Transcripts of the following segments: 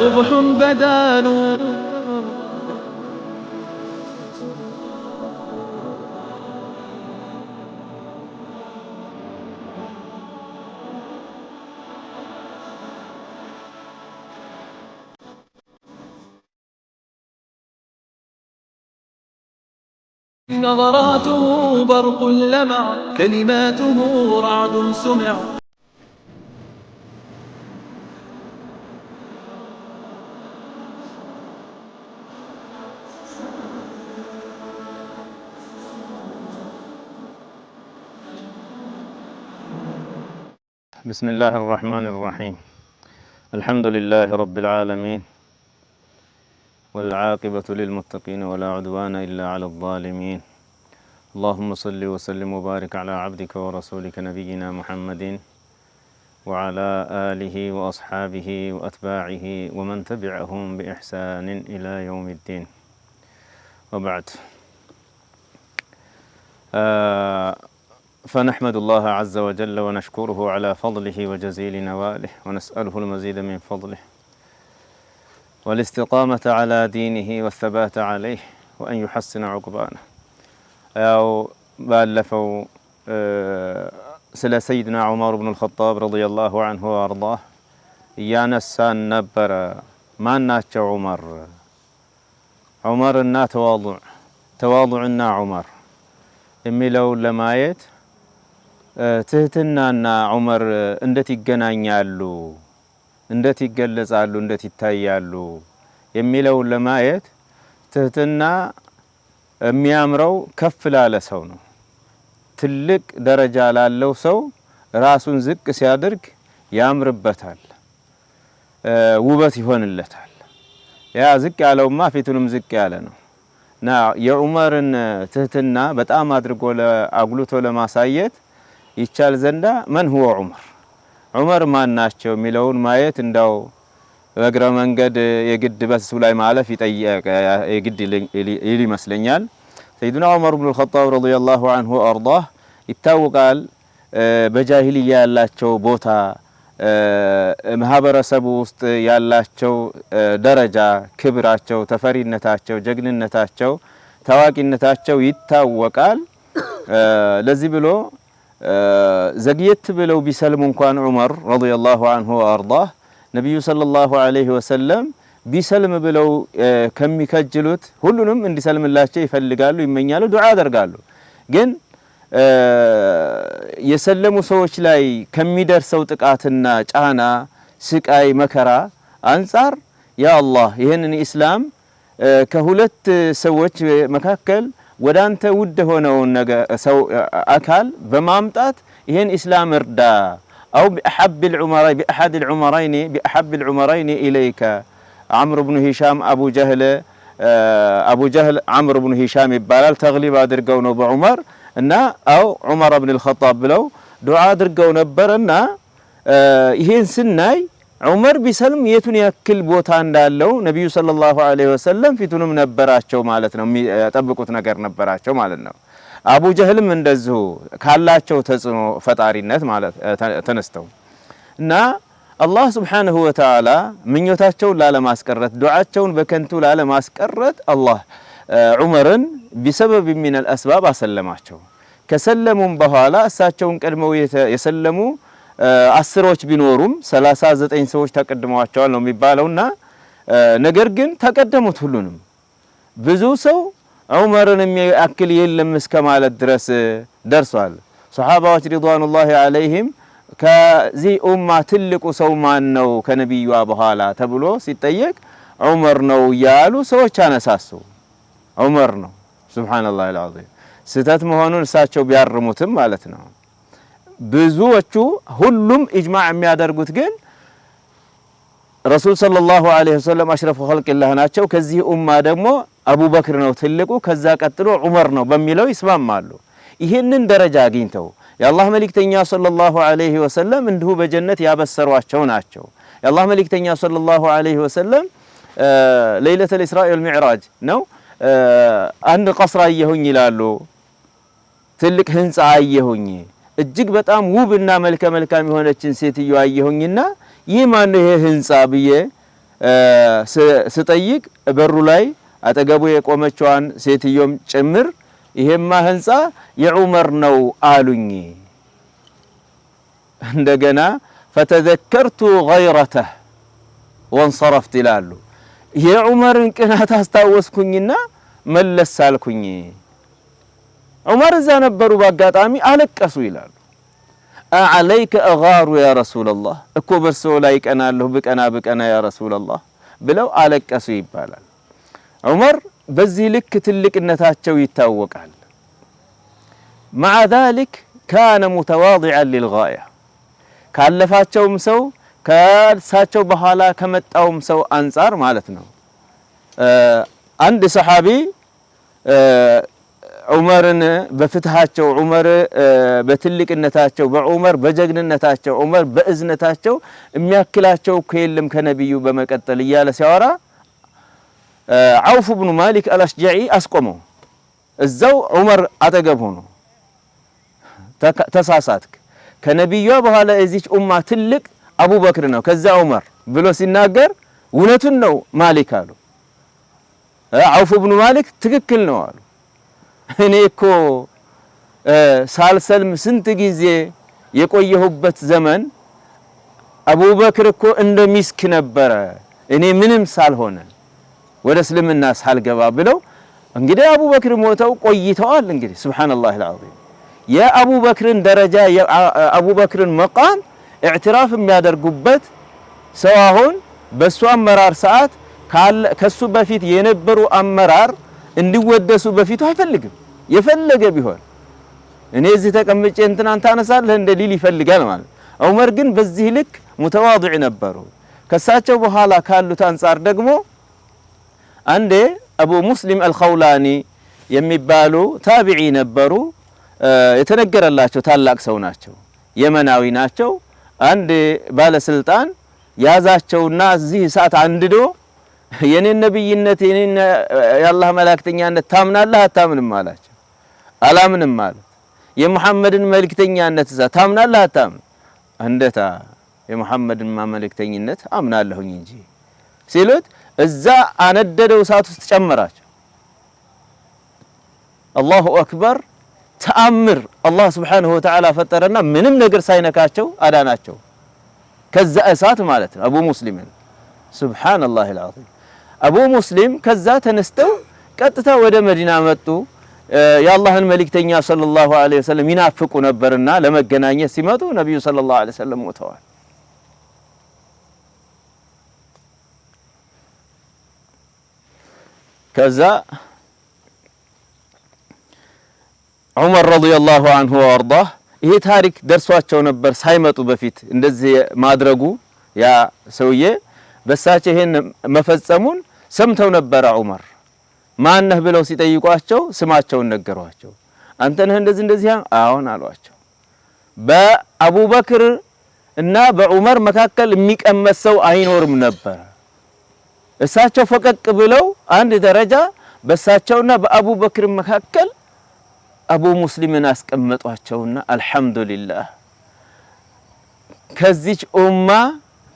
صبح بدا نور نظراته برق لمع كلماته رعد سمع بسم الله الرحمن الرحيم الحمد لله رب العالمين والعاقبة للمتقين ولا عدوان إلا على الظالمين اللهم صل وسلم وبارك على عبدك ورسولك نبينا محمد وعلى آله وأصحابه وأتباعه ومن تبعهم بإحسان إلى يوم الدين وبعد آه فنحمد الله عز وجل ونشكره على فضله وجزيل نواله ونسأله المزيد من فضله والاستقامة على دينه والثبات عليه وأن يحسن عقبانه أو بألفوا آه، سلا سيدنا عمر بن الخطاب رضي الله عنه وأرضاه يا نسان نبر ما ناتش عمر عمر النا تواضع تواضع النا عمر إمي لو لمايت ትህትናና ዑመር እንዴት ይገናኛሉ፣ እንዴት ይገለጻሉ፣ እንዴት ይታያሉ የሚለውን ለማየት ትህትና የሚያምረው ከፍ ላለ ሰው ነው። ትልቅ ደረጃ ላለው ሰው ራሱን ዝቅ ሲያደርግ ያምርበታል፣ ውበት ይሆንለታል። ያ ዝቅ ያለውማ ፊቱንም ዝቅ ያለ ነው እና የዑመርን ትህትና በጣም አድርጎ አጉልቶ ለማሳየት ይቻል ዘንዳ መን ሁወ ዑመር ዑመር ማን ናቸው የሚለውን ማየት እንዳው በእግረ መንገድ የግድ በስሱ ላይ ማለፍ የግድ ይል ይመስለኛል። ሰይዱና ዑመር ብኑል ኸጣብ ረዲየላሁ አንሁ አርዳህ ይታወቃል። በጃሂልያ ያላቸው ቦታ ማህበረሰቡ ውስጥ ያላቸው ደረጃ፣ ክብራቸው፣ ተፈሪነታቸው፣ ጀግንነታቸው፣ ታዋቂነታቸው ይታወቃል። ለዚህ ብሎ ዘግየት ብለው ቢሰልሙ እንኳን ዑመር ረዲየላሁ አንሁ ወአርዳህ ነቢዩ ሰለላሁ አለይህ ወሰለም ቢሰልም ብለው ከሚከጅሉት ሁሉንም እንዲሰልምላቸው ይፈልጋሉ፣ ይመኛሉ፣ ዱዓ ያደርጋሉ። ግን የሰለሙ ሰዎች ላይ ከሚደርሰው ጥቃትና ጫና፣ ስቃይ፣ መከራ አንጻር ያ አላህ ይህንን ኢስላም ከሁለት ሰዎች መካከል ወደ አንተ ውድ የሆነውን ሰው አካል በማምጣት ይህን ኢስላም እርዳ። አው ቢአሐድ ልዑመራይኒ ኢለይከ አምር ብኑ ሂሻም አቡ ጀህል አምር ብኑ ሂሻም ይባላል። ተግሊብ አድርገው ነው በዑመር እና አው ዑመር ብን ልኸጣብ ብለው ዱዓ አድርገው ነበርና ይህን ስናይ ዑመር ቢሰልም የቱን ያክል ቦታ እንዳለው ነቢዩ ሰለላሁ ዐለይሂ ወሰለም ፊቱንም ነበራቸው ማለት ነው፣ የሚጠብቁት ነገር ነበራቸው ማለት ነው። አቡ ጀህልም እንደዚሁ ካላቸው ተጽዕኖ ፈጣሪነት ማለት ተነስተው እና አላህ ስብሓንሁ ወተዓላ ምኞታቸውን ላለማስቀረት ዱዓቸውን በከንቱ ላለማስቀረት አላህ ዑመርን ቢሰበብ ሚነል አስባብ አሰለማቸው። ከሰለሙም በኋላ እሳቸውን ቀድመው የሰለሙ አስሮች ቢኖሩም ሰላሳ ዘጠኝ ሰዎች ተቀድመዋቸዋል ነው የሚባለውና ነገር ግን ተቀደሙት ሁሉንም ብዙ ሰው ዑመርን የሚያክል የለም እስከ ማለት ድረስ ደርሷል። ሰሓባዎች ሪድዋኑላሂ አለይህም ከዚህ ኡማ ትልቁ ሰው ማን ነው ከነቢዩዋ በኋላ ተብሎ ሲጠየቅ ዑመር ነው እያሉ ሰዎች አነሳሱ። ዑመር ነው። ሱብሓነላሂል አልዓዚም። ስህተት መሆኑን እሳቸው ቢያርሙትም ማለት ነው። ብዙዎቹ ሁሉም ኢጅማዕ የሚያደርጉት ግን ረሱል ሰለላሁ ዐለይሂ ወሰለም አሽረፉ ኸልቂላህ ናቸው። ከዚህ ኡማ ደግሞ አቡበክር ነው ትልቁ፣ ከዛ ቀጥሎ ዑመር ነው በሚለው ይስማማሉ። ይህንን ደረጃ አግኝተው የአላህ መልእክተኛ ሰለላሁ ዐለይሂ ወሰለም እንዲሁ በጀነት ያበሰሯቸው ናቸው። የአላህ መልእክተኛ ሰለላሁ ዐለይሂ ወሰለም ሌይለት ኢስራእ ሚዕራጅ ነው አንድ ቀስራ አየሁኝ ይላሉ። ትልቅ ህንፃ አየሁኝ እጅግ በጣም ውብ እና መልከ መልካም የሆነችን ሴትዮ አየሁኝና ይህ ማን ይሄ ህንጻ ብዬ ስጠይቅ በሩ ላይ አጠገቡ የቆመችዋን ሴትዮም ጭምር ይሄማ ህንጻ የዑመር ነው አሉኝ። እንደገና ፈተዘከርቱ ገይረተህ ወንሰረፍት ይላሉ። የዑመርን ቅናት አስታወስኩኝና መለስ አልኩኝ። ዑመር እዛ ነበሩ። በአጋጣሚ አለቀሱ ይላሉ። አለይከ አጋሩ ያ ረሱለላህ፣ እኮ በእርስዎ ላይ ቀናለሁ ብቀና ብቀና ያ ረሱለላህ ብለው አለቀሱ ይባላል። ዑመር በዚህ ልክ ትልቅነታቸው ይታወቃል። መዓ ዛሊክ ካነ ሙተዋዲዐን ሊልጋያ ካለፋቸውም ሰው ከእሳቸው በኋላ ከመጣውም ሰው አንጻር ማለት ነው። አንድ ሰሓቢ ዑመርን በፍትሃቸው ዑመር በትልቅነታቸው በዑመር በጀግንነታቸው ዑመር በእዝነታቸው የሚያክላቸው እኮ የለም ከነቢዩ በመቀጠል እያለ ሲያወራ ዐውፍ ብኑ ማሊክ አልአሽጃዒ አስቆመው። እዛው ዑመር አጠገብ ሆኖ ተሳሳትክ፣ ከነቢዩዋ በኋላ የዚች ኡማ ትልቅ አቡበክር ነው ከዛ ዑመር ብሎ ሲናገር እውነቱን ነው ማሊክ አሉ። ዐውፍ ብኑ ማሊክ ትክክል ነው አሉ። እኔ እኮ ሳልሰልም ስንት ጊዜ የቆየሁበት ዘመን አቡበክር እኮ እንደ ሚስክ ነበረ፣ እኔ ምንም ሳልሆነ ወደ እስልምና ሳልገባ ብለው እንግዲህ አቡበክር ሞተው ቆይተዋል። እንግዲህ ሱብሓነላህ አልዓዚም የአቡበክርን ደረጃ የአቡበክርን መቃም እዕትራፍ የሚያደርጉበት ሰው አሁን በእሱ አመራር ሰዓት ከሱ በፊት የነበሩ አመራር እንዲወደሱ በፊቱ አይፈልግም። የፈለገ ቢሆን እኔ እዚህ ተቀምጬ እንትናን ታነሳለህ እንደ ሊል ይፈልጋል ማለት። ዑመር ግን በዚህ ልክ ሙተዋድዕ ነበሩ። ከሳቸው በኋላ ካሉት አንጻር ደግሞ አንዴ አቡ ሙስሊም አልኸውላኒ የሚባሉ ታቢዒ ነበሩ። የተነገረላቸው ታላቅ ሰው ናቸው። የመናዊ ናቸው። አንድ ባለስልጣን ያዛቸውና እዚህ እሳት አንድዶ የኔን ነብይነት የኔን የአላህ መላእክተኛነት ታምናለህ አታምንም አላቸው። አላምንም ማለት የሙሐመድን መልክተኛነት እዛ ታምናለህ አታምን? እንደታ የሙሐመድን መልክተኝነት አምናለሁኝ እንጂ ሲሉት እዛ አነደደው እሳት ውስጥ ጨመራቸው። አላሁ አክበር ተአምር አላህ ስብሓነሁ ወተዓላ ፈጠረና ምንም ነገር ሳይነካቸው አዳናቸው ከዛ እሳት ማለት ነው። አቡ ሙስሊምን ሱብሓነላሂል ዐዚም አቡ ሙስሊም ከዛ ተነስተው ቀጥታ ወደ መዲና መጡ። የአላህን መልእክተኛ ሰለላሁ ዐለይሂ ወሰለም ይናፍቁ ነበርና ለመገናኘት ሲመጡ ነቢዩ ሰለላሁ ዐለይሂ ወሰለም ሞተዋል። ከዛ ዑመር ረዲየላሁ አንሁ ወአርዳህ ይሄ ታሪክ ደርሷቸው ነበር ሳይመጡ በፊት እንደዚህ ማድረጉ ያ ሰውዬ በሳቸው ይሄን መፈጸሙን ሰምተው ነበረ ዑመር ማነህ ብለው ሲጠይቋቸው ስማቸውን ነገሯቸው። አንተ ነህ እንደዚህ እንደዚህ? አሁን አሏቸው። በአቡበክር እና በዑመር መካከል የሚቀመጥ ሰው አይኖርም ነበር። እሳቸው ፈቀቅ ብለው አንድ ደረጃ በእሳቸውና በአቡበክር መካከል አቡ ሙስሊምን አስቀመጧቸውና አልሐምዱሊላህ ከዚች ኡማ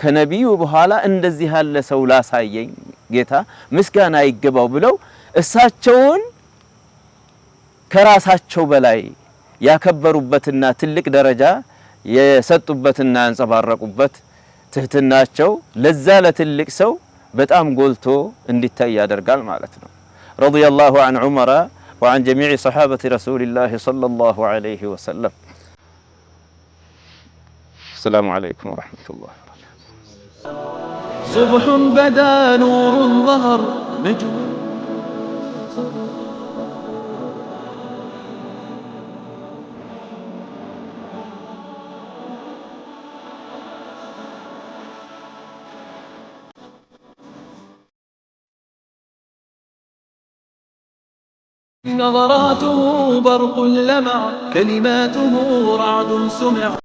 ከነቢዩ በኋላ እንደዚህ ያለ ሰው ላሳየኝ ጌታ ምስጋና ይገባው ብለው እሳቸውን ከራሳቸው በላይ ያከበሩበትና ትልቅ ደረጃ የሰጡበትና ያንጸባረቁበት ትህትናቸው ለዛ ለትልቅ ሰው በጣም ጎልቶ እንዲታይ ያደርጋል ማለት ነው። ረዲየላሁ አን ዑመራ ወአን ጀሚዕ ሰሓበቲ ረሱሊላሂ ሰለላሁ ዐለይሂ ወሰለም። አሰላሙ ዐለይኩም ወረሕመቱላህ። ሱብሑን በዳ ኑሩን ظهر نظراته برق لمع كلماته رعد سمع